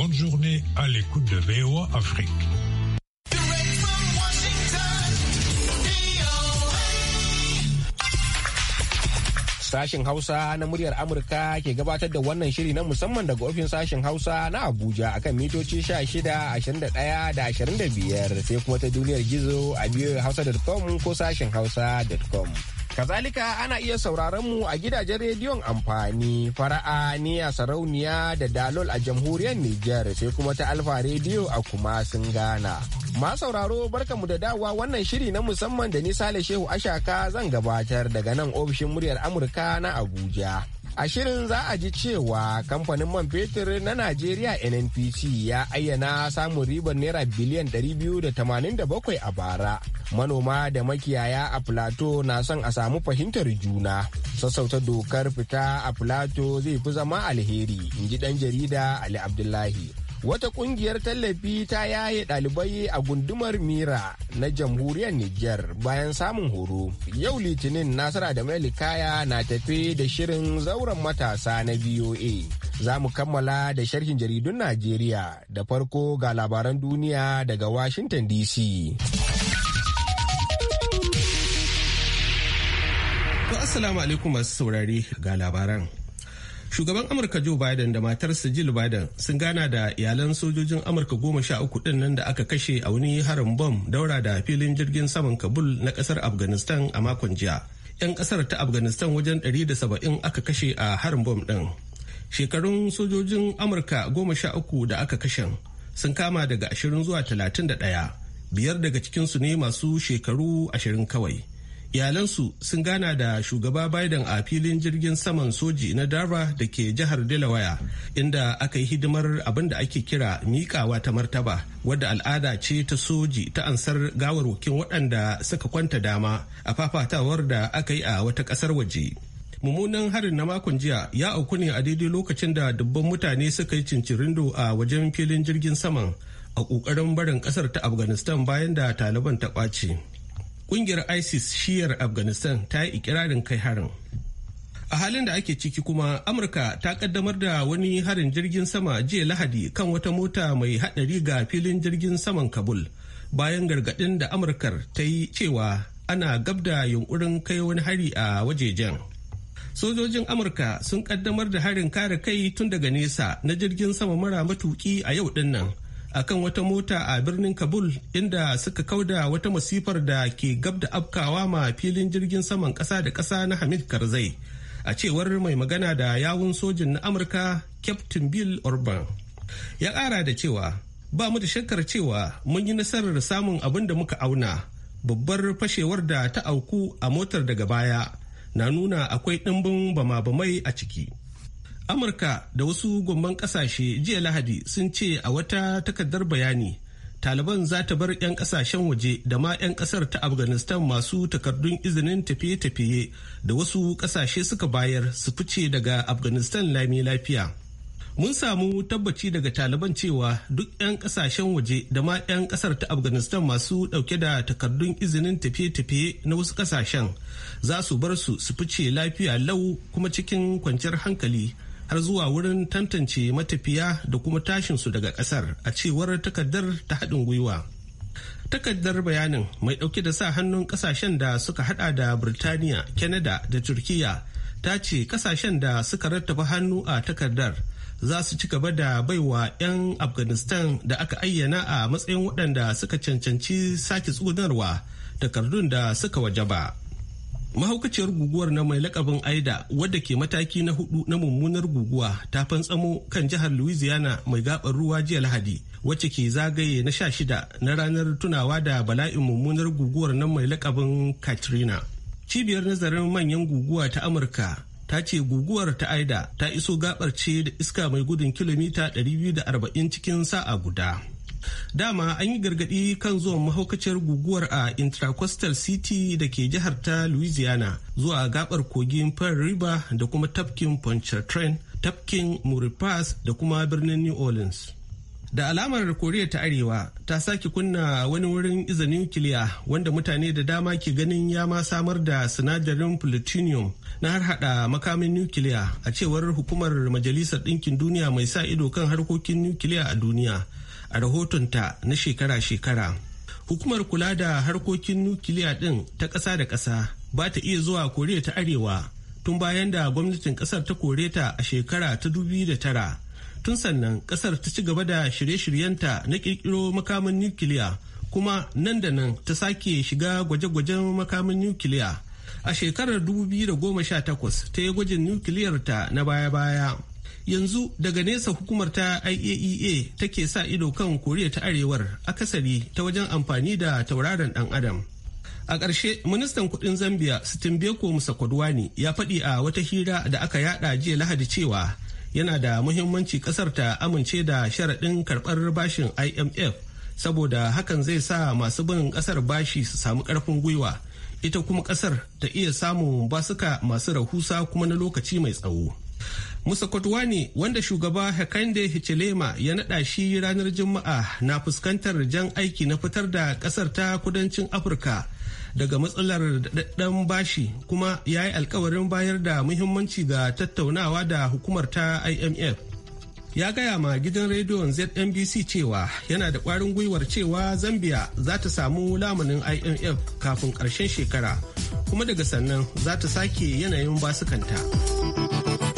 bonne journée à l'écoute de VOA Afrique. Sashen Hausa na muryar Amurka ke gabatar da wannan shiri na musamman daga ofin sashen Hausa na Abuja akan mitoci 16, da 25 sai kuma ta duniyar gizo a biyar hausa.com ko sashen hausa.com. Kazalika ana iya sauraron mu a gidajen rediyon amfani fara'a niya sarauniya da dalol a jamhuriyar Nijar sai kuma ta alfa rediyo a kuma sun gana. Ma sauraro mu da dawowa wannan shiri na musamman da ni Sale Shehu Ashaka zan gabatar daga nan ofishin muryar Amurka na Abuja. A shirin za a ji cewa kamfanin man fetur na Najeriya NNPC ya ayyana samun ribar naira biliyan 287 a bara. Manoma da makiyaya a Filato na son a samu fahimtar juna. Sassauta dokar fita a Filato zai fi zama alheri, in ji ɗan jarida Ali Abdullahi. wata kungiyar tallafi ta yaye ɗalibai a gundumar mira na jamhuriyar niger bayan samun horo yau litinin nasara da kaya na tafe da shirin zauren matasa na voa za mu kammala da sharhin jaridun najeriya da farko ga labaran duniya daga washington dc assalamu alaikum masu saurari ga labaran shugaban amurka joe biden da matarsa jill biden sun gana da iyalan sojojin amurka goma sha uku din nan da aka kashe a wani harin bom daura da filin jirgin saman kabul na kasar afghanistan a makon jiya yan kasar ta afghanistan wajen 170 aka kashe a harin bom din shekarun sojojin amurka goma sha uku da aka kashe sun kama daga ashirin zuwa talatin da ɗaya biyar daga cikinsu ne masu shekaru ashirin kawai iyalansu sun gana da shugaba biden a filin jirgin saman soji na dara da ke jihar delaware inda aka yi hidimar abin da ake kira mikawa ta martaba wadda al'ada ce ta soji ta ansar gawarwakin waɗanda suka kwanta dama a fafatawar da aka yi a wata ƙasar waje mummunan harin na makon jiya ya auku ne a daidai lokacin da dubban mutane suka yi cincirindo a wajen filin jirgin saman a ƙoƙarin barin ƙasar ta afghanistan bayan da taliban ta ƙwace kungiyar isis shiyar afghanistan ta yi ikirarin kai harin a halin da ake ciki kuma amurka ta kaddamar da wani harin jirgin sama jiya lahadi kan wata mota mai hadari ga filin jirgin saman kabul bayan gargadin da amurkar ta yi cewa ana gab da yunkurin kai wani hari a wajejen sojojin amurka sun kaddamar da harin kare kai tun daga nesa na jirgin sama mara matuki a yau dinnan akan wata mota a birnin kabul inda suka kauda wata masifar da ke gab da afkawa ma filin jirgin saman kasa da kasa na hamid karzai a cewar mai magana da yawun sojin na amurka captain bill orban ya kara da cewa ba mu da shakkar cewa mun yi nasarar samun abin da muka auna babbar fashewar da ta auku a motar daga baya na nuna akwai ɗimbin bama-bamai a ciki amurka da wasu gwamban kasashe jiya lahadi sun ce a wata takardar bayani taliban za ta bar 'yan kasashen waje da ma 'yan kasar ta afghanistan masu takardun izinin tafiye-tafiye da wasu kasashe suka bayar su fice daga afghanistan lami lafiya mun samu tabbaci daga taliban cewa duk 'yan kasashen waje da ma 'yan kasar ta afghanistan masu dauke da takardun izinin tafiye-tafiye na wasu kasashen za su bar su su fice lafiya lau kuma cikin kwanciyar hankali har zuwa wurin tantance matafiya da kuma tashin su daga kasar a cewar takardar ta haɗin gwiwa takardar bayanin mai ɗauke da sa hannun ƙasashen da suka haɗa da birtaniya canada da turkiyya ta ce ƙasashen da suka rattaba hannu a takardar za su ci gaba da baiwa 'yan afghanistan da aka ayyana a matsayin waɗanda suka cancanci sake tsugunarwa takardun da suka wajaba. ba mahaukaciyar guguwar na mai lakabin aida wadda ke mataki na hudu na mummunar guguwa ta fantsamo kan jihar louisiana mai gabar ruwa jiya lahadi wacce ke zagaye na sha shida na ranar tunawa da bala'in mummunar guguwar na mai lakabin katrina cibiyar nazarin manyan guguwa ta amurka ta ce guguwar ta aida ta iso gabar ce da iska mai gudun kilomita 240 cikin sa'a guda Dama an yi gargadi kan zuwan mahaukaciyar guguwar a Intracoastal City da ke jihar ta Louisiana zuwa gabar kogin Pearl River da kuma tafkin Pontchartrain, tafkin Muripas da kuma birnin New Orleans. da alamar koriya ta arewa ta sake kunna wani wurin iza nukiliya wanda mutane da dama ke ganin ya ma samar da sinadarin plutonium na har hada makamin nukiliya a cewar hukumar majalisar ɗinkin duniya mai sa ido kan harkokin nukiliya a duniya a rahotonta na shekara-shekara. Hukumar kula da harkokin nukiliya ɗin ta ƙasa da ƙasa ba ta iya zuwa Koriya ta Arewa tun bayan da gwamnatin ƙasar ta kore ta a shekara ta da tara Tun sannan ƙasar ta ci gaba da shirye-shiryenta na ƙirƙiro makamin nukiliya kuma nan da nan ta sake shiga gwaje-gwajen makamin nukiliya. A shekarar 2018 ta yi gwajin nukiliyarta na baya-baya. yanzu daga nesa hukumar ta iaea e take sa ido kan koriya ta arewar akasari ta wajen amfani da tauraron dan adam a ƙarshe ministan kudin zambia musa musakwadwani ya faɗi a wata hira da aka yada jiya lahadi cewa yana da muhimmanci ƙasar ta amince da sharaɗin karɓar bashin imf saboda hakan zai sa masu bin ƙasar bashi su samu ƙarfin gwiwa ita kuma ƙasar ta iya samun basuka masu rahusa kuma na lokaci mai tsawo Musa Kotwani wanda shugaba Hekande Hichilema ya naɗa shi ranar Juma'a na fuskantar jan aiki na fitar da ƙasar ta kudancin Afirka daga matsalar daɗaɗɗen bashi kuma ya yi alkawarin bayar da muhimmanci ga tattaunawa da hukumar ta IMF. Ya gaya ma gidan rediyon ZNBC cewa yana da ƙwarin gwiwar cewa Zambia za ta samu lamunin IMF kafin ƙarshen shekara kuma daga sannan za ta sake yanayin basukanta.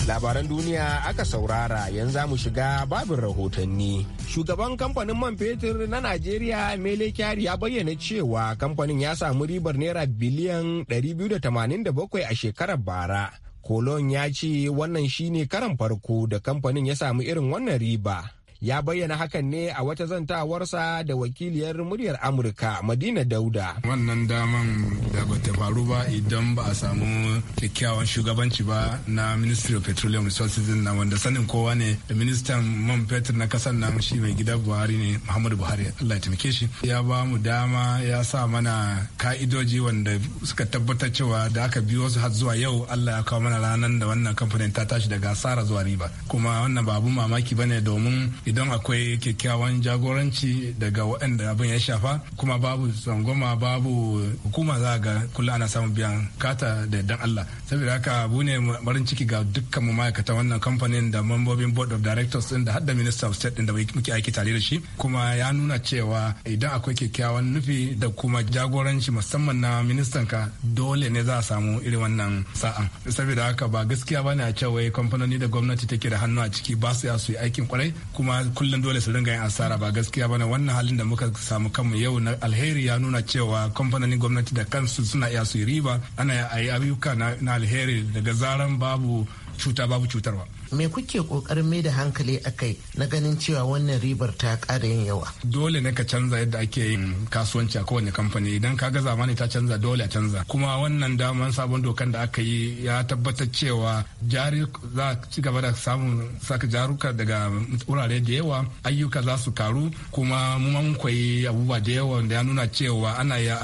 Labaran duniya aka saurara yanzu za mu shiga babin rahotanni. Shugaban kamfanin man fetur na Najeriya Mele Kyari ya bayyana cewa kamfanin ya samu ribar naira biliyan 287 a shekarar bara. Kolon ya ce wannan shine karan farko da kamfanin ya samu irin wannan riba. ya bayyana hakan ne a wata zantawarsa da wakiliyar muryar amurka madina dauda wannan daman da ba ta faru ba idan ba a samu kyakkyawan shugabanci ba na ministry of petroleum resources na wanda sanin kowa ne ministan man fetur na kasar nan shi mai gida buhari ne muhammadu buhari allah ya taimake shi ya ba mu dama ya sa mana ka'idoji wanda suka tabbatar cewa da aka biyo wasu har zuwa yau allah ya kawo mana ranar da wannan kamfanin ta tashi daga asara zuwa riba kuma wannan ba abun mamaki bane domin idan akwai kyakkyawan jagoranci daga waɗanda abin ya shafa kuma babu tsangwama babu hukuma za ga kullum ana samun biyan kata da dan Allah saboda haka abu ne marin ciki ga dukkan mu ma'aikatan wannan kamfanin da mambobin board of directors din da hadda minister of state din da muke aiki tare da shi kuma ya nuna cewa idan akwai kyakkyawan nufi da kuma jagoranci musamman na ministan ka dole ne za a samu irin wannan sa'an saboda haka ba gaskiya bane a cewa kamfanoni da gwamnati take da hannu a ciki ba su ya su yi aikin kwarai kuma kullum dole su ringa yin asara ba gaskiya bane wannan halin da muka samu kanmu yau na alheri ya nuna cewa kamfanonin gwamnati da kansu suna iya su riba ana yi ayyuka na alheri daga zaran babu cuta babu cutarwa. me kuke kokarin mai da hankali a kai na ganin cewa wannan ribar ta ƙara yin yawa dole ne ka canza yadda ake yin kasuwanci a kowane kamfani idan ka ga zamani ta canza dole a canza kuma wannan daman sabon dokan da aka yi ya tabbatar cewa jari za a ci gaba da samun saka jaruka daga wurare da yawa ayyuka za su karu kuma mun koyi abubuwa da yawa da ya nuna cewa ana ya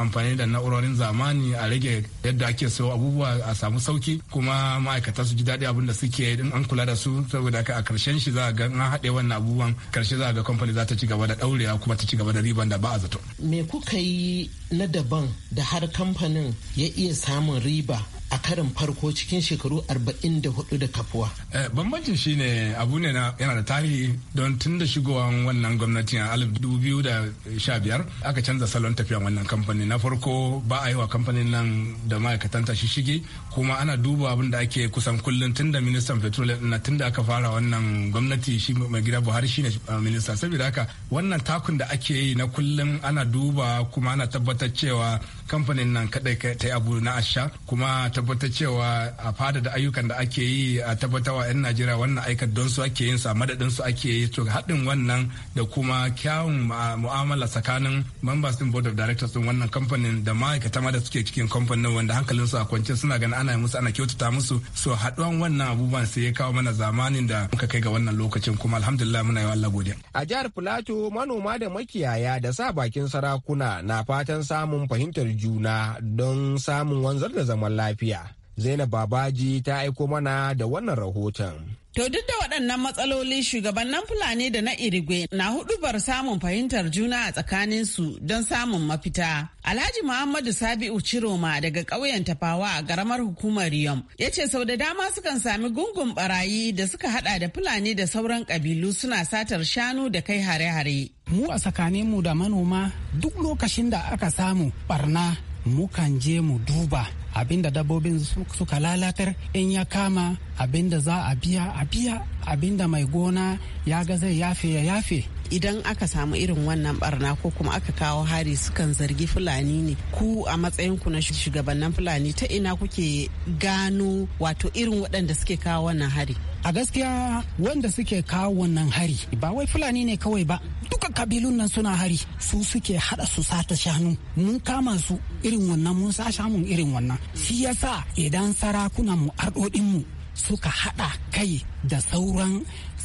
amfani da na'urorin zamani a rage yadda ake sayo abubuwa a samu sauki kuma ma'aikata su ji daɗi abin da suke ake in an kula da su saboda ka a karshen shi za a ga an haɗe wannan abubuwan karshe za a ga kamfani za ta ci gaba da ɗaurewa kuma ta ci gaba da riban da ba a zato. Me kuka yi na daban da har kamfanin ya iya samun riba a karin farko cikin shekaru 44 da kafuwa. Eh, bambancin shi ne abu ne yana da tarihi don tun da shigowan wannan gwamnati a 2015 aka canza salon tafiyan wannan kamfani na farko ba a yi wa kamfanin nan da ma'aikatan ta shige kuma ana duba abin da ake kusan kullum tun da ministan petroleum na tun da aka fara wannan gwamnati shi mai gida buhari shi ne eh, ministan saboda haka wannan takun da ake yi na kullum ana duba kuma ana tabbatar cewa kamfanin nan kadai ta yi abu na asha kuma tabbatar cewa a fada da ayyukan da ake yi a tabbatarwa 'yan najeriya wannan aikar don su ake yin sa madadin su ake yi to haɗin wannan da kuma kyawun mu'amala tsakanin members din board of directors din wannan kamfanin da ma'aikata ma da suke cikin kamfanin wanda hankalin su a kwance suna ganin ana musu ana kyautata musu so haɗuwan wannan abubuwan sai ya kawo mana zamanin da muka kai ga wannan lokacin kuma alhamdulillah muna yi wa Allah godiya a jihar Plateau manoma da makiyaya da sa bakin sarakuna na fatan samun fahimtar juna don samun wanzar da zaman lafiya Zainab Babaji ta aiko mana da wannan rahoton. To duk da waɗannan matsaloli shugabannin Fulani da na Irigwe na huɗubar samun fahimtar juna a tsakaninsu don samun mafita. Alhaji Muhammadu Sabi'u Ciroma daga ƙauyen Tafawa a garamar hukumar Riyom ya ce sau da dama sukan sami gungun barayi da suka hada da Fulani da sauran ƙabilu suna satar shanu da kai hare-hare. Mu a tsakaninmu da manoma duk lokacin da aka samu barna mukan je mu duba abinda dabbobin suka lalatar in ya kama abinda za a biya a biya abinda mai gona ya ga zai yafe ya yafe idan aka samu irin wannan barna ko kuma aka kawo hari sukan zargi fulani ne ku a matsayin ku na shugabannin fulani ta ina kuke gano wato irin waɗanda suke kawo wannan hari a gaskiya wanda suke kawo wannan hari ba wai fulani ne kawai ba duka kabilun nan suna hari su suke hada su sata shanu mun kama su irin wannan mun sa shamun irin wannan shi yasa idan sarakunan mu arɗoɗin mu suka hada kai da sauran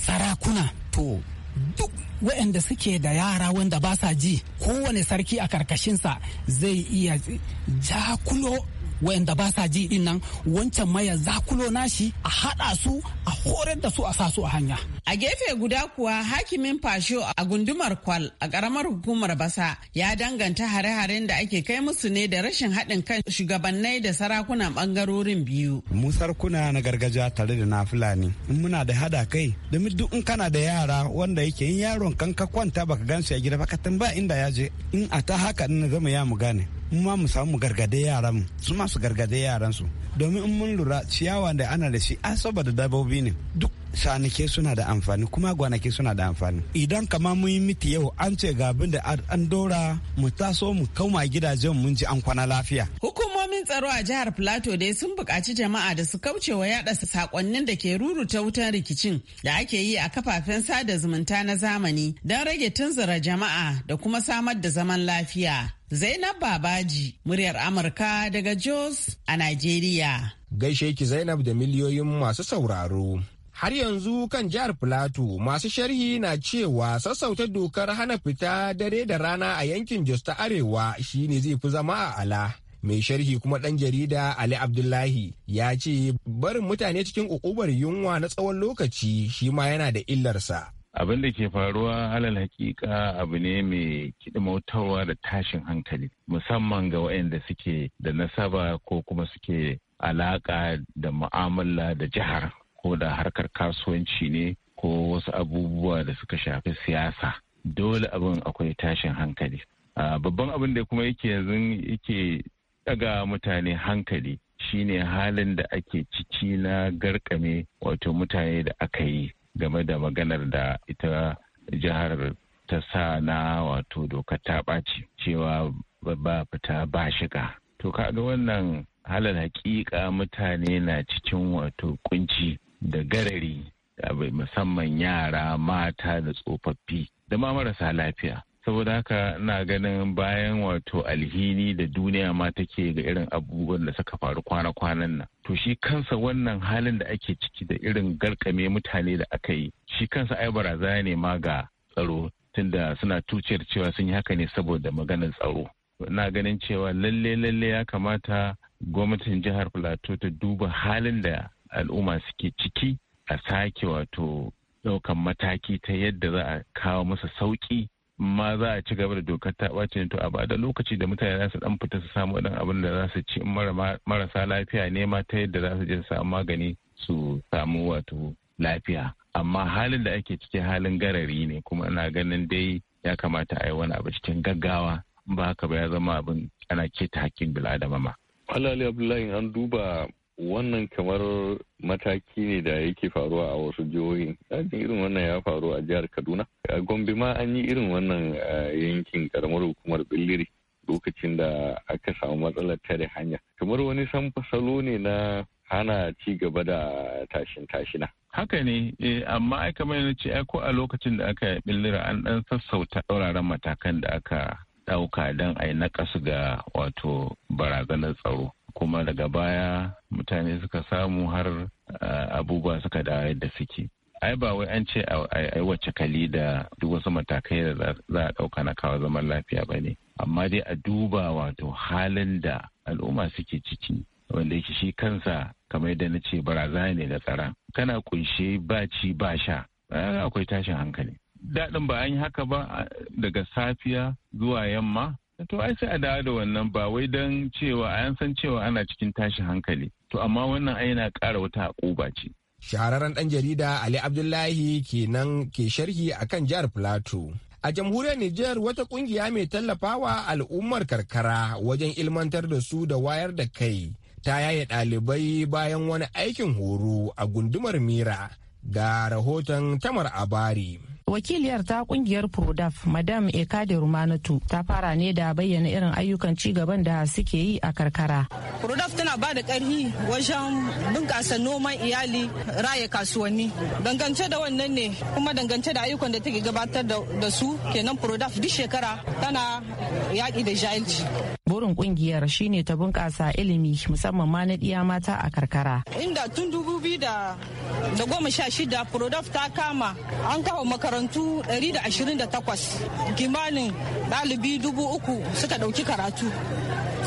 sarakuna to duk waɗanda suke da yara wanda ba sa ji kowane sarki a karkashinsa zai iya jakulo wayanda ba sa ji din nan wancan ma ya zakulo nashi a haɗa su a horar da su a sa su a hanya. A gefe guda kuwa hakimin fasho a gundumar kwal a karamar hukumar basa ya danganta hare-haren da ake kai musu ne da rashin haɗin kan shugabannai da sarakunan ɓangarorin biyu. Mu sarkuna na gargajiya tare da na Fulani in muna da haɗa kai domin duk in kana da yara wanda yake yin yaron kan kwanta baka gan shi a gida ba ka tamba inda ya je in a ta haka na zama ya mu gane. mu ma mu samu gargade yaran mu su ma su gargade yaran su domin in mun lura ciyawa da ana da shi an saboda dabbobi ne duk shanake suna da amfani kuma gwanake suna da amfani idan kama mun yi miti yau an ce ga abin da an dora mu taso mu kauma gidajen mun ji an kwana lafiya hukumomin tsaro a jihar plateau dai sun bukaci jama'a da su kauce wa yada sakonnin da ke ruruta wutan rikicin da ake yi a kafafen sada zumunta na zamani don rage tunzura jama'a da kuma samar da zaman lafiya zainab babaji muryar amurka daga jos a nigeria gaishe ki zainab da miliyoyin masu sauraro har yanzu kan jihar Filato masu sharhi na cewa sassauta dokar hana fita dare da rana a yankin Jos ta Arewa shine zai fi zama a ala. Mai sharhi kuma ɗan jarida Ali Abdullahi ya ce barin mutane cikin ukubar yunwa na tsawon lokaci shi ma yana da illarsa. Abin da ke faruwa alal hakika abu ne mai kidimautarwa da tashin hankali musamman ga waɗanda suke da nasaba ko kuma suke alaƙa da mu'amala da jihar. ko da harkar kasuwanci ne ko wasu abubuwa da suka shafi siyasa dole abin akwai tashin hankali babban abin da kuma yake yanzu yake daga mutane hankali shine halin da ake ciki na garkame wato mutane da aka yi game da maganar da ita jihar ta sa na wato doka ta ɓaci cewa ba fita ba shiga to kaga wannan halar hakika mutane na cikin wato kunci da garari musamman yara mata da tsofaffi da ma marasa lafiya saboda haka na ganin bayan wato alhini da duniya ma take ga irin abubuwan da suka faru kwana-kwanan nan to shi kansa wannan halin da ake ciki da irin garkame mutane da aka yi shi kansa ai barazana ne ma ga tsaro tunda suna tuciyar cewa sun yi haka ne saboda maganar tsaro na ganin cewa lalle lalle ya kamata gwamnatin jihar plateau ta duba halin da al'umma suke ciki a sake wato ɗaukan mataki ta yadda za a kawo masa sauki ma za a ci gaba da dokar ta ɓace to a bada lokaci da mutane za su dan fita su samu dan abin da za su ci marasa lafiya ne ma ta yadda za su je su samu magani su samu wato lafiya amma halin da ake ciki halin garari ne kuma ina ganin dai ya kamata a yi wani abu cikin gaggawa ba haka ba ya zama abin ana keta hakkin bil'adama ma. Alali Abdullahi an duba wannan kamar mataki ne da yake faruwa a wasu jihohi ajin irin wannan ya faru a jihar kaduna a gombe ma an yi irin wannan eh, yankin karamar hukumar billiri lokacin da aka samu matsalar tare hanya kamar wani salo ne na hana ci gaba da tashin tashina haka ne eh, amma ai kamar yana ce ko a lokacin da aka billira an dan sassauta tsauraran matakan da aka dauka don a yi nakasu ga wato barazanar tsaro kuma daga baya mutane suka samu har abubuwa suka dawo yadda suke ai ba wai an ce ai wacce kali da duk wasu matakai da za a ɗauka na kawo zaman lafiya ba ne amma dai a duba wato halin da al'umma suke ciki wanda yake shi kansa kamar yadda na ce baraza ne da tsara kana kunshe baci ba sha akwai tashin hankali daɗin ba an yi haka ba daga safiya zuwa yamma To ai sai a dawo da wannan ba wai don cewa a 'yan san cewa ana cikin tashi hankali. To amma wannan ai yana ƙara wata haƙuba ce. Shahararren ɗan jarida Ali Abdullahi kenan ke sharhi akan jihar Filato. A jamhuriyar Nijar wata ƙungiya mai tallafawa al'ummar karkara wajen ilmantar da su da wayar da kai ta yaye ɗalibai bayan wani aikin horo a gundumar Mira ga rahoton Tamar Abari. wakiliyar ta kungiyar prodaf madam ekade rumanatu ta fara ne da bayyana irin ayyukan ci gaban da suke yi a karkara prodaf tana ba da karhi wajen bunkasa noman iyali raya kasuwanni dangance da wannan ne kuma dangance da ayyukan da take gabatar da su kenan prodaf duk shekara tana yaƙi da jahilci Burin kungiyar shine ta bunƙasa ilimi musamman ma na ɗiya mata a karkara. Inda tun dubu biyu da goma sha shida Prodaf ta kama an kawo makarantu 128 kimanin ɗalibi dubu uku suka ɗauki karatu.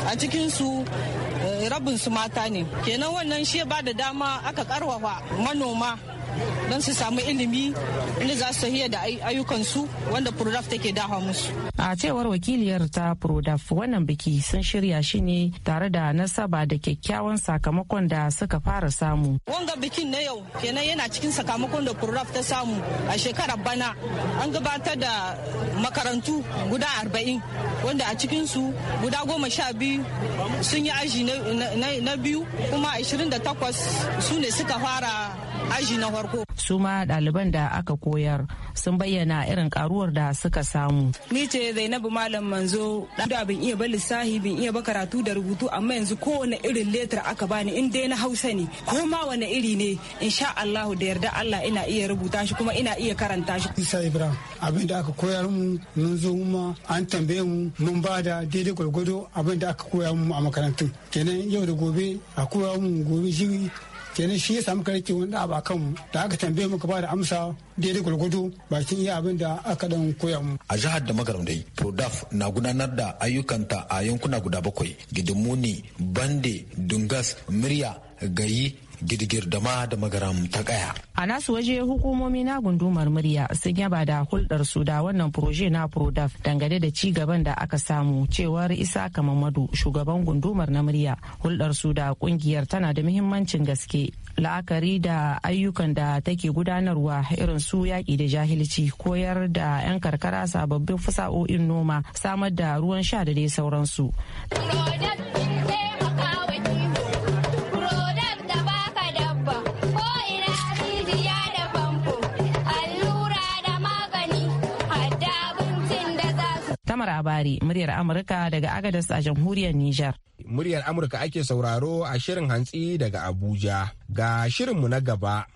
a cikinsu eh, su mata ne kenan wannan shi ba da dama aka karwafa manoma don su samu ilimi inda za su tafiya da ayyukansu wanda prodaf take dawa musu. A cewar wakiliyar ta prodaf wannan biki sun shirya shi ne tare da nasaba da kyakkyawan sakamakon da suka fara samu. Wanga bikin na yau kenan yana cikin sakamakon da prodaf ta samu a shekarar bana an gabatar da makarantu guda arba'in wanda a cikinsu guda goma sha biyu sun yi aji na biyu kuma ashirin da takwas su ne suka fara aji na farko su ma ɗaliban da aka koyar sun bayyana irin karuwar da suka samu ni ce zainabu malam manzo da bin iya ba lissahi bin iya ba karatu da rubutu amma yanzu kowane irin letar aka bani in dai na hausa ne ko ma wani iri ne insha allahu da yarda Allah ina iya rubuta shi kuma ina iya karanta shi Isa Ibrahim abin da aka koyar mu mun zo mu an tambaye mu mun ba da daidai gwargwado abin da aka koya mu a makarantun kenan yau da gobe a koya mu gobe shi kenan shi ya samu karki wani abu akan mu da aka tambaye muka ba da amsa daidai gwargwado bakin iya abin da aka dan koya mu. A jihar da magaram Prodaf na gudanar da ayyukanta a yankuna guda bakwai, Gidimuni, Bande, Dungas, Murya, Gayi, girgir da ma da magaram ta kaya. A nasu waje hukumomi na gundumar murya sun yaba da hulɗar su da wannan proje na Prodaf dangane da ci gaban da aka samu cewar Isa Kamamadu shugaban gundumar na murya hulɗar su da kungiyar tana da muhimmancin gaske la'akari da ayyukan da take gudanarwa irin su yaƙi da jahilci koyar da 'yan karkara sababbin fasa'o'in noma samar da ruwan sha da dai sauransu. Tamar Abari, muryar Amurka daga Agadas a jamhuriyar Nijar. Muryar Amurka ake sauraro a shirin hantsi daga Abuja. Ga shirinmu na gaba.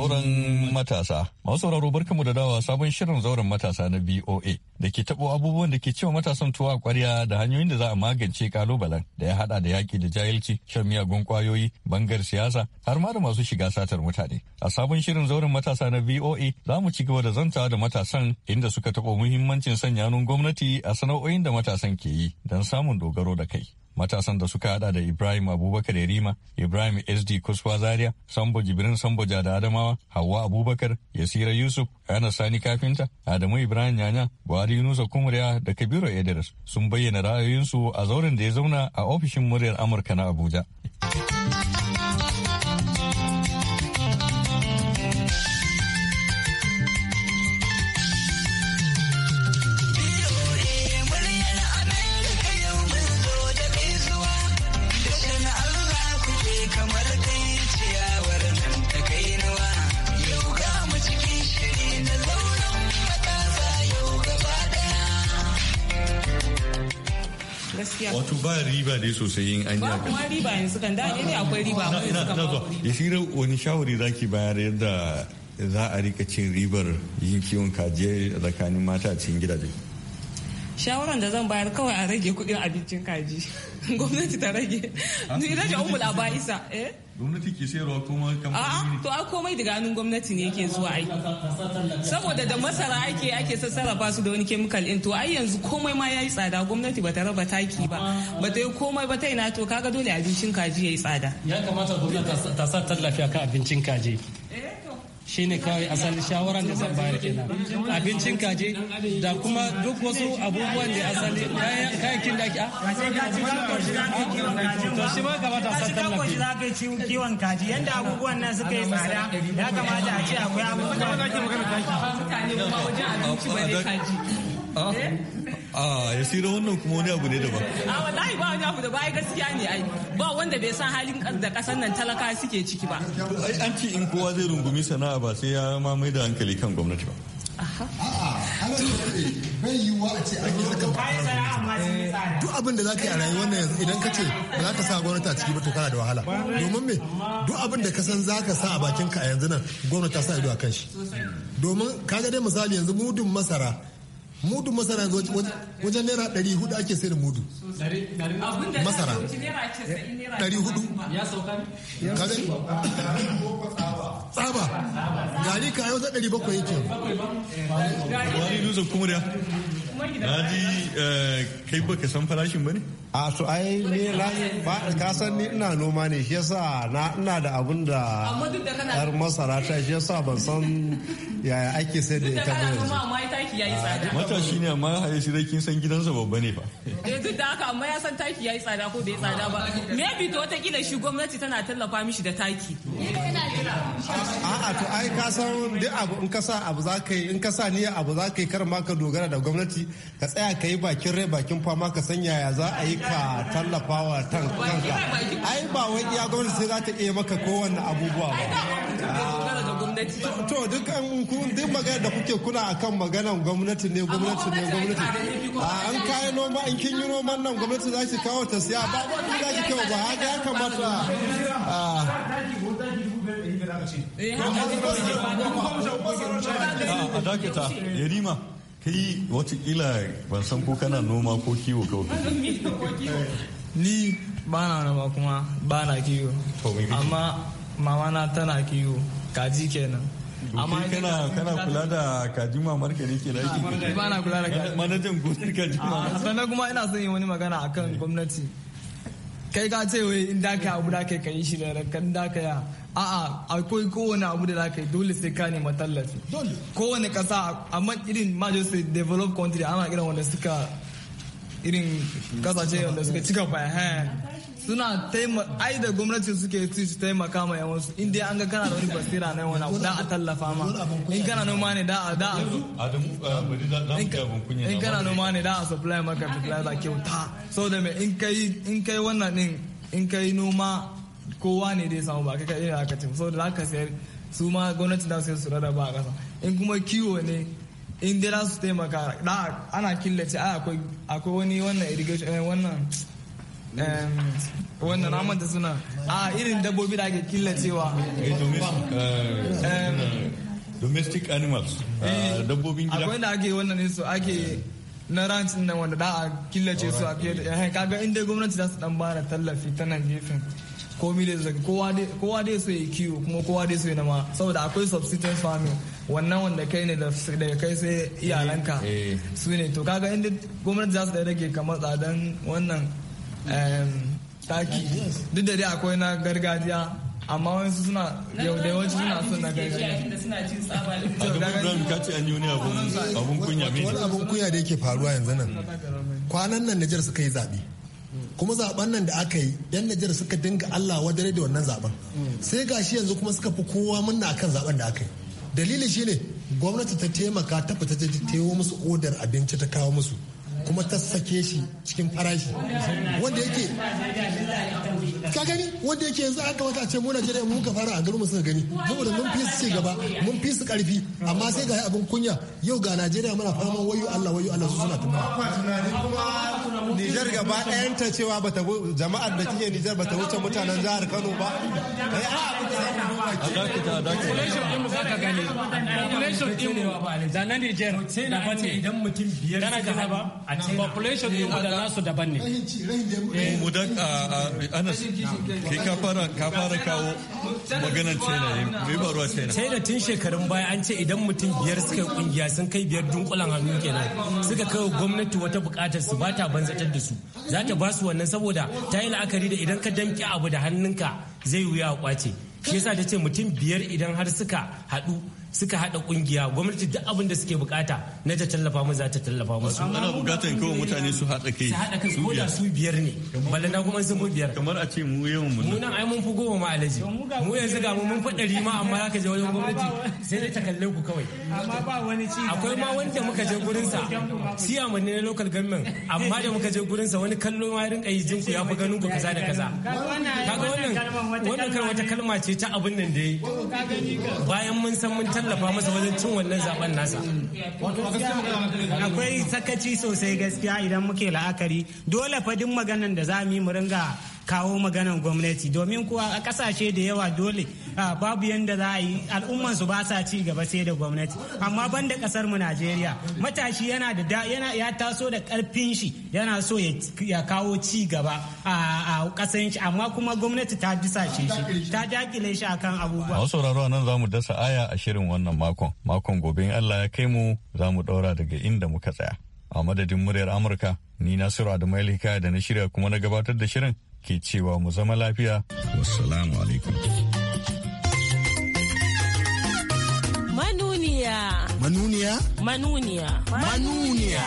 zauren matasa. Masu sauraro barkamu da dawa sabon shirin zauren matasa na BOA da ke tabo abubuwan da ke cewa matasan tuwa kwarya da hanyoyin da za a magance kalubalen da ya hada da yaki da jahilci, shan miyagun kwayoyi, bangar siyasa har ma da masu shiga satar mutane. A sabon shirin zauren matasa na BOA za mu ci gaba da zanta da matasan inda suka tabo muhimmancin sanya gwamnati a sana'o'in da matasan ke yi don samun dogaro da kai. matasan da suka hada da Ibrahim Abubakar Yarima, Ibrahim SD Kuswa Zaria, Sambo Jibrin Samboja da Adamawa, Hauwa Abubakar, Yasira Yusuf, ana Sani Kafinta, Adamu Ibrahim Nyanya, Buhari Yunus Kumriya da Kabiru Edris sun bayyana ra'ayoyinsu a zauren da ya zauna a ofishin muryar Amurka na Abuja. wato ba riba dai sosai yin an yi ba kuma riba yanzu kan da ne akwai riba amma yanzu kan ba ya shi wani shawari zaki bayar yadda za a rika cin ribar yin kiwon kaji tsakanin mata a cikin gidaje shawaran da zan bayar kawai a rage kudin abincin kaji gwamnati ta rage ni rage umul abaisa eh gwamnati ke sayarwa kuma kamfani to a komai daga hannun gwamnati ne yake zuwa aiki saboda da masara ake ake sassarafa su da wani chemical din to ai yanzu komai ma yayi tsada gwamnati bata raba taki ba bata yi komai ba ta ina to kaga dole abincin kaji yayi tsada ya kamata gwamnati ta sa tallafi akan abincin kaji Shi ne kawai asalin shawaran da zan bayar kenan abincin kaje da kuma duk wasu abubuwan da asali kayakin da ake ah? to shi ma kamata san tallafi za ka ci kiwon kaji yanda abubuwan nan suka yi tsada ya kamata a ce akwai abubuwan da ake magana kaji mutane kuma wajen abinci ba kaji eh? a ya siro wannan kuma wani abu ne daban a wallahi ba wani abu da ba gaskiya ne ai ba wanda bai san halin da kasar nan talaka suke ciki ba ai an ce in kowa zai rungumi sana'a ba sai ya ma mai da hankali kan gwamnati ba eh, bai yi wa a ce an yi saka duk abin da za ka yi a rayuwar nan yanzu idan ka ce ba za ka sa gwamnati a ciki ba to kana da wahala domin me duk abin da ka san za ka sa a bakin ka a yanzu nan gwamnati ta sa ido a kan shi domin kaga dai misali yanzu mudun masara mudu masara wajen naira ɗari hudu ake sayar mudu masara ɗari hudu ne. tsaba gari ka yau za ɗari bakwai yake wani dutsen kuma da Raji eh, kai baka san farashin ba ne? A to ai ne ka san ni ina noma ne shi yasa na ina da abun da har masara ta shi yasa ban san yaya ake sai da ita ba shi ne amma ya haye shi kin san gidansa babba ne fa eh duk da haka amma ya san taki yi tsada ko bai tsada ba me bi to wata kila shi gwamnati tana tallafa mishi da taki a'a to ai ka san duk abu in ka sa abu za ka yi in ka sa ni abu za ka yi kar ma ka dogara da gwamnati ka tsaya ka yi bakin rai bakin fama ka san yaya za a yi ka tallafa wa kanka ai ba wai iya gwamnati sai za ta iya maka kowanne abubuwa ba to duk an duk magana da kuke kuna akan maganan gwamnati ne gwamnati ne gwamnati an kayi noma in kin yi noma nan gwamnati za ki kawo ta siya ba ba ki za ki kawo ba haka ya kamata a eh, dakita yarima yi watakila ban san ko kana noma ko kiwo kawai ni ba na noma kuma ba na kiwo amma mama na tana kiwo kaji kenan amma kana kana kula da kaji mamar ka ne ke da ake ba na kula da kaji manajan gonar kaji mamar ah, sannan kuma ina son yin wani magana akan gwamnati kai ka ce wai in da ka abu da kai yi shi da rakan da ka ya a'a akwai kowane abu da ka yi dole sai ka nema tallafi kowane kasa amma irin majalisar developed country ana irin wanda suka irin kasashe wanda suka cika baya eh. suna taimaka ai da gwamnati suke ci su taimaka ma yawan su inda an ga kana da wani basira na wani abu da a tallafa ma in kana noma ne da a da eh, in kana noma ne da a supply maka fertilizer kyauta saboda me in kai in kai wannan din in kai noma kowa ne dai samu ba kai kai haka ce saboda da ka sayar su ma gwamnati da su ba a kasa in kuma kiwo ne in dai za su taimaka da ana killace ai akwai wani wannan irrigation eh, wannan wannan ramar da suna a irin dabbobi da ake killacewa eh, eh, domestic animals eh, ah, dabbobin gida akwai da ake wannan ne su ake na ranch nan wanda da a killace su a fiye da kaga inda gwamnati za su dan bara tallafi ta nan gefen komi da zaka kowa dai so ya kiwo kuma kowa dai so ya nama saboda akwai subsistence farming wannan wanda kai ne daga kai sai iyalanka su ne to kaga inda gwamnati za su da rage kamar tsadan wannan taki duk da dai akwai na gargajiya amma wasu suna yau da yawanci suna son na gargajiya suna jin tsaba ka ce an yi wani abun kunya wani abun kunya da yake faruwa yanzu nan kwanan nan Nijar suka yi zaɓe kuma zaben nan da aka yi yan Nijar suka dinga Allah wadare da wannan zaben sai gashi yanzu kuma suka fi kowa munna akan zaben da aka yi dalili shine gwamnati ta taimaka ta fita ta tewo musu odar abinci ta kawo musu kuma ta sake shi cikin farashi wanda yake ka gani wanda yake yanzu an wata ce mu Najeriya mu ka fara a garin mu suka gani saboda mun fi su ci gaba mun fi su karfi amma sai ga abin kunya yau ga Najeriya muna fama wayo Allah wayo Allah su suna tumba Nijar gaba ta cewa bata jama'ar da kike Nijar bata wuce mutanen jihar Kano ba. Kai a abu da za mu nuna ki. Population din mu ka gani. Population din mu da na Nijar da idan mutum biyar ga haɗu population din da nasu daban ne eh, mu da anas kai ka fara fara kawo maganar china ne eh, me ba china china tun shekarun baya an ce idan mutum biyar suka kungiya sun kai biyar dunkulan hannu kenan suka kai gwamnati wata bukatar su ba ta banzatar da su za ta ba su wannan saboda ta yi la'akari da idan ka danki abu da hannunka zai wuya a kwace shi yasa ta ce mutum biyar idan har suka haɗu suka hada kungiya gwamnati duk abin da suke bukata na ta tallafa mu za ta tallafa su ana bukatar kawai mutane su hada kai su hada kai ko da su biyar ne balle na kuma sun biyar kamar a ce mu yawan mu nan ai mun fi goma ma alaji mu yanzu ga mu mun faɗa rima amma za ka je wajen gwamnati sai dai ta kalle ku kawai amma ba wani ci akwai ma wanda muka je gurin sa siya mun ne local government amma da muka je gurin sa wani kallo ma rinka yi jinku ya fi ganin ku kaza da kaza kaga wannan wannan kalma wata kalma ce ta abin nan da bayan mun san mun tallafa masa wajen cin wannan zaben nasa akwai sakaci sosai gaskiya idan muke la'akari dole fa duk maganan da za mu yi mu ringa kawo maganan gwamnati domin kuwa a kasashe da yawa dole babu yadda za a yi al'umman su ba sa ci gaba sai da gwamnati amma ban da kasar mu Najeriya matashi yana da yana ya taso da karfin shi yana so ya kawo ci gaba a kasan shi amma kuma gwamnati ta disashe shi ta jakile shi akan abubuwa a raro nan zamu dasa aya a shirin wannan makon makon gobe in Allah ya kai mu zamu daura daga inda muka tsaya a madadin muryar Amurka ni Nasiru Adamu Elika da na shirya kuma na gabatar da shirin ke cewa mu zama lafiya. Wassalamu alaikum. Manuniya. Manuniya? Manuniya. Manuniya.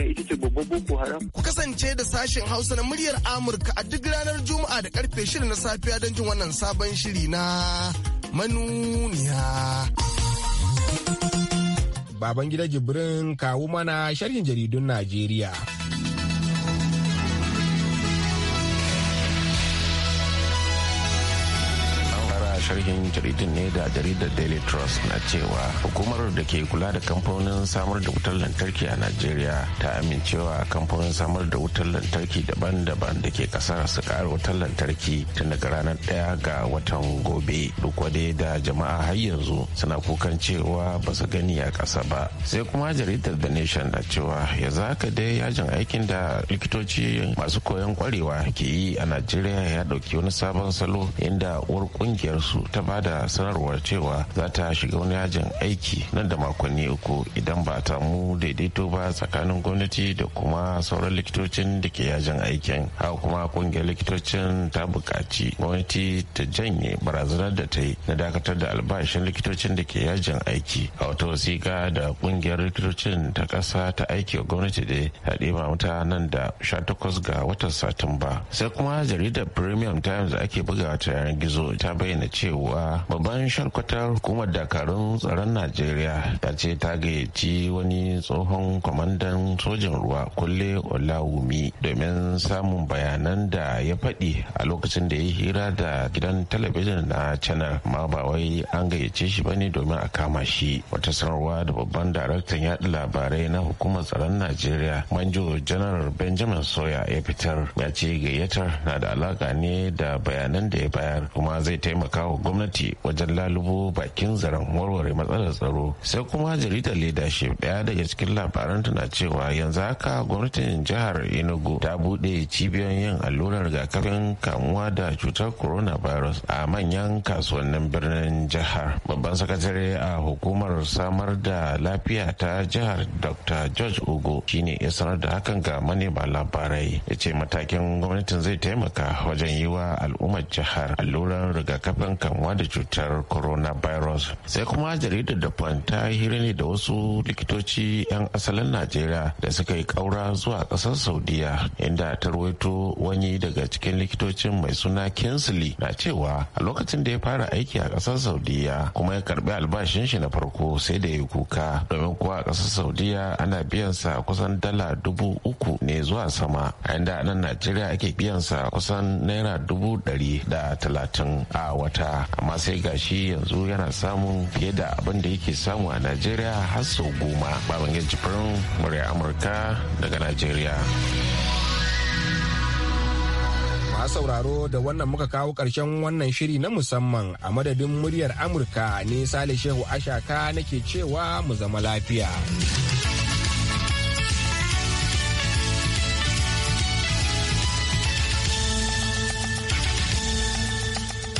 ita ce babban Boko Haram. Ku kasance da sashen Hausa na muryar Amurka a duk ranar Juma'a da karfe shirin na safiya don jin wannan sabon shiri na manuniya. Baban gida Jibrin kawo mana sharhin jaridun Najeriya. sharhin jaridun ne da jaridar daily trust na cewa hukumar da ke kula da kamfanin samar da wutar lantarki a najeriya ta amincewa kamfanin samar da wutar lantarki daban-daban da ke kasar su kara wutar lantarki tun daga ranar daya ga watan gobe duk wade da jama'a har yanzu suna kukan cewa ba su gani a ƙasa ba sai kuma jaridar the nation na cewa ya zaka dai yajin aikin da likitoci masu koyon kwarewa ke yi a najeriya ya ɗauki wani sabon salo inda uwar kungiyar su ta bada sanarwar cewa za ta shiga wani yajin aiki nan da makonni uku idan ba ta mu daidaito ba tsakanin gwamnati da kuma sauran likitocin da ke yajin aikin haka kuma kungiyar likitocin ta buƙaci gwamnati ta janye barazanar da ta yi na dakatar da albashin likitocin da ke yajin aiki a wata wasiƙa da kungiyar likitocin ta ƙasa ta aiki wa gwamnati da ta ma nan da sha takwas ga watan satumba sai kuma jaridar premium times ake bugawa ta yanar gizo ta bayyana cewa cewa babban sharkwatar hukumar dakarun tsaron najeriya ya ce ta gayyaci wani tsohon kwamandan sojin ruwa kulle olawumi domin samun bayanan da ya faɗi a lokacin da ya hira da gidan talabijin na channel ma ba wai an gayyace shi ne domin a kama shi wata sanarwa da babban daraktan yaɗa labarai na hukumar tsaron najeriya manjo janar benjamin soya ya fitar ya ce gayyatar na da alaka ne da bayanan da ya bayar kuma zai taimaka wa gwamnati wajen lalubo bakin zaren warware matsalar tsaro sai kuma jaridar leadership daya daga cikin labaran tana cewa yanzu haka gwamnatin jihar enugu ta bude cibiyoyin yin allurar rigakafin kamuwa da cutar corona virus a manyan kasuwannin birnin jihar babban sakatare a hukumar samar da lafiya ta jihar dr george ugo shine ya sanar da hakan ga manema labarai ya ce matakin gwamnatin zai taimaka wajen yi wa al'ummar jihar allurar rigakafin kamuwa da cutar coronavirus sai kuma jaridar da ta hira ne da wasu likitoci 'yan asalin najeriya da suka yi kaura zuwa kasar saudiya inda ta ruwaito wani daga cikin likitocin mai suna kinsley na cewa a lokacin da ya fara aiki a kasar saudiya kuma ya karbi albashin shi na farko sai da ya kuka domin kuwa a kasar saudiya ana biyansa kusan dala dubu uku ne zuwa sama a inda nan najeriya ake biyansa kusan naira dubu dari da talatin a wata amma sai gashi yanzu yana samun fiye da abin da yake samu a najeriya har sau goma baban jifirin murya amurka daga najeriya sauraro da wannan muka kawo ƙarshen wannan shiri na musamman a madadin muryar amurka ne sale shehu ashaka nake cewa mu zama lafiya.